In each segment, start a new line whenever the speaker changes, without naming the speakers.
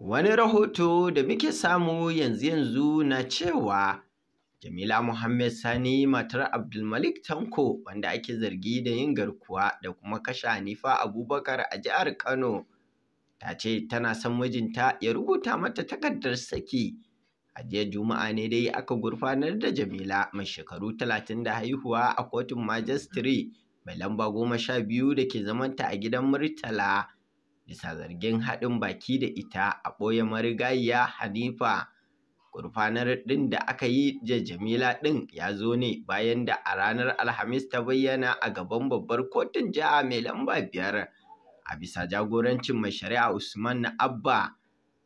Wani rahoto da muke samu yanzu-yanzu na cewa Jamila Muhammad Sani matar Abdulmalik Tanko wanda ake zargi da yin garkuwa da kuma kashe Hanifa Abubakar a jihar Kano ta ce tana son mijinta ya rubuta mata takardar saki. A jiya Juma'a ne dai aka gurfanar da Jamila mai shekaru talatin da haihuwa a kotun Majistire mai lamba goma sha biyu da ke zamanta a gidan Murtala. bisa zargin haɗin baki da ita a ɓoye marigayiya Hanifa. Gurfanar ɗin da aka yi da Jamila ɗin ya zo ne bayan da a ranar Alhamis ta bayyana a gaban babbar kotun jiha mai lamba biyar a bisa jagorancin mai shari'a Usman na Abba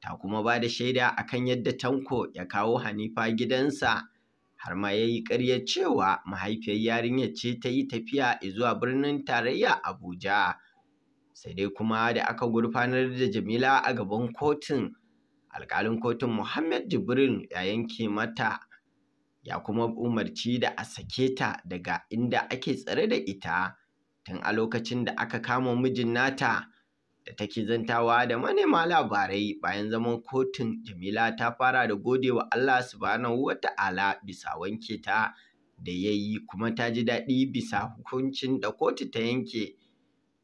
ta kuma ba da shaida kan yadda Tanko ya kawo Hanifa gidansa har ma ya yi ƙarya cewa mahaifiyar yarinyar ce ta yi tafiya zuwa birnin tarayya Abuja. sai dai kuma da aka gurfanar da jamila a gaban kotun alkalin kotun muhammad jibrin ya yanke mata ya kuma umarci da a sake ta daga inda ake tsare da ita tun a lokacin da aka kama mijin nata da take zantawa da manema labarai bayan zaman kotun jamila ta fara da gode wa allah subhanahu wa ta'ala bisa wanke ta da yayi kuma ta ji daɗi bisa hukuncin da kotu ta yanke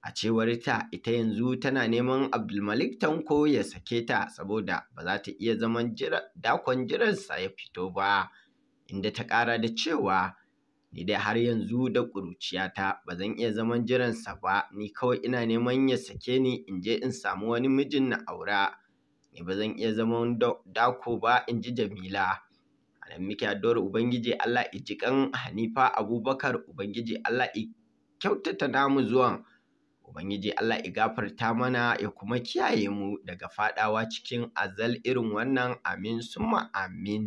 A cewar ta ita yanzu tana neman Abdulmalik Tanko ya sake ta saboda ba za ta iya zaman dakon jiransa ya fito ba, inda ta ƙara da cewa ni dai har yanzu da ƙuruciyata ba zan iya zaman jiransa ba ni kawai ina neman ya sake ni in je in samu wani mijin na aura ni ba zan iya zaman dako ba in ji Jamila. Anan muke addu'ar Ubangiji Allah ijikan Hanifa Abubakar Ubangiji Allah i kyautata namu zuwan Ubangiji Allah ya gafarta mana ya kuma kiyaye mu daga faɗawa cikin azal irin wannan amin summa amin.